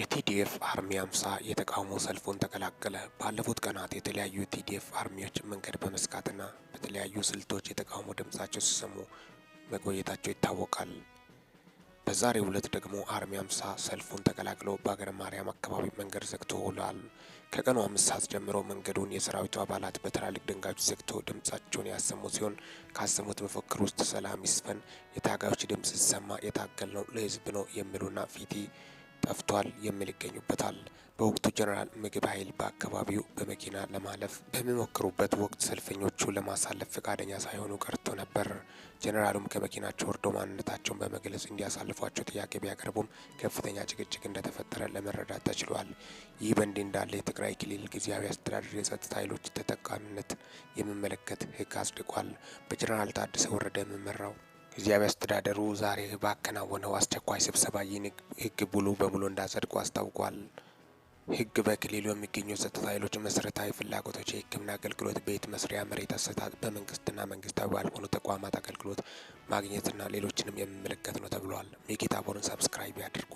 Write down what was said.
የቲዲኤፍ አርሚ አምሳ የተቃውሞ ሰልፉን ተቀላቀለ። ባለፉት ቀናት የተለያዩ የቲዲኤፍ አርሚዎች መንገድ በመዝጋትና በተለያዩ ስልቶች የተቃውሞ ድምጻቸው ሲሰሙ መቆየታቸው ይታወቃል። በዛሬው ዕለት ደግሞ አርሚ አምሳ ሰልፉን ተቀላቅሎ በሀገረ ማርያም አካባቢ መንገድ ዘግቶ ውሏል። ከቀኑ አምስት ሰዓት ጀምሮ መንገዱን የሰራዊቱ አባላት በትላልቅ ድንጋዮች ዘግቶ ድምጻቸውን ያሰሙ ሲሆን ካሰሙት መፈክር ውስጥ ሰላም ይስፈን፣ የታጋዮች ድምፅ ሲሰማ ነው ለህዝብ ነው የሚሉና ፊቲ ጠፍቷል የሚል ይገኙበታል። በወቅቱ ጀነራል ምግብ ኃይል በአካባቢው በመኪና ለማለፍ በሚሞክሩበት ወቅት ሰልፈኞቹ ለማሳለፍ ፈቃደኛ ሳይሆኑ ቀርቶ ነበር። ጀነራሉም ከመኪናቸው ወርዶ ማንነታቸውን በመግለጽ እንዲያሳልፏቸው ጥያቄ ቢያቀርቡም ከፍተኛ ጭቅጭቅ እንደተፈጠረ ለመረዳት ተችሏል። ይህ በእንዲህ እንዳለ የትግራይ ክልል ጊዜያዊ አስተዳደር የጸጥታ ኃይሎች ተጠቃሚነት የሚመለከት ሕግ አጽድቋል። በጀነራል ታደሰ ወረደ የሚመራው ጊዜያዊ አስተዳደሩ ዛሬ ባከናወነው አስቸኳይ ስብሰባ ይህን ህግ ሙሉ በሙሉ እንዳጸድቁ አስታውቋል። ህግ በክልሉ የሚገኙ ጸጥታ ኃይሎች መሰረታዊ ፍላጎቶች የህክምና አገልግሎት፣ ቤት መስሪያ፣ መሬት አሰጣጥ፣ በመንግስትና መንግስታዊ ባልሆኑ ተቋማት አገልግሎት ማግኘትና ሌሎችንም የሚመለከት ነው ተብሏል። ሚኪታቦርን ሰብስክራይብ ያድርጉ።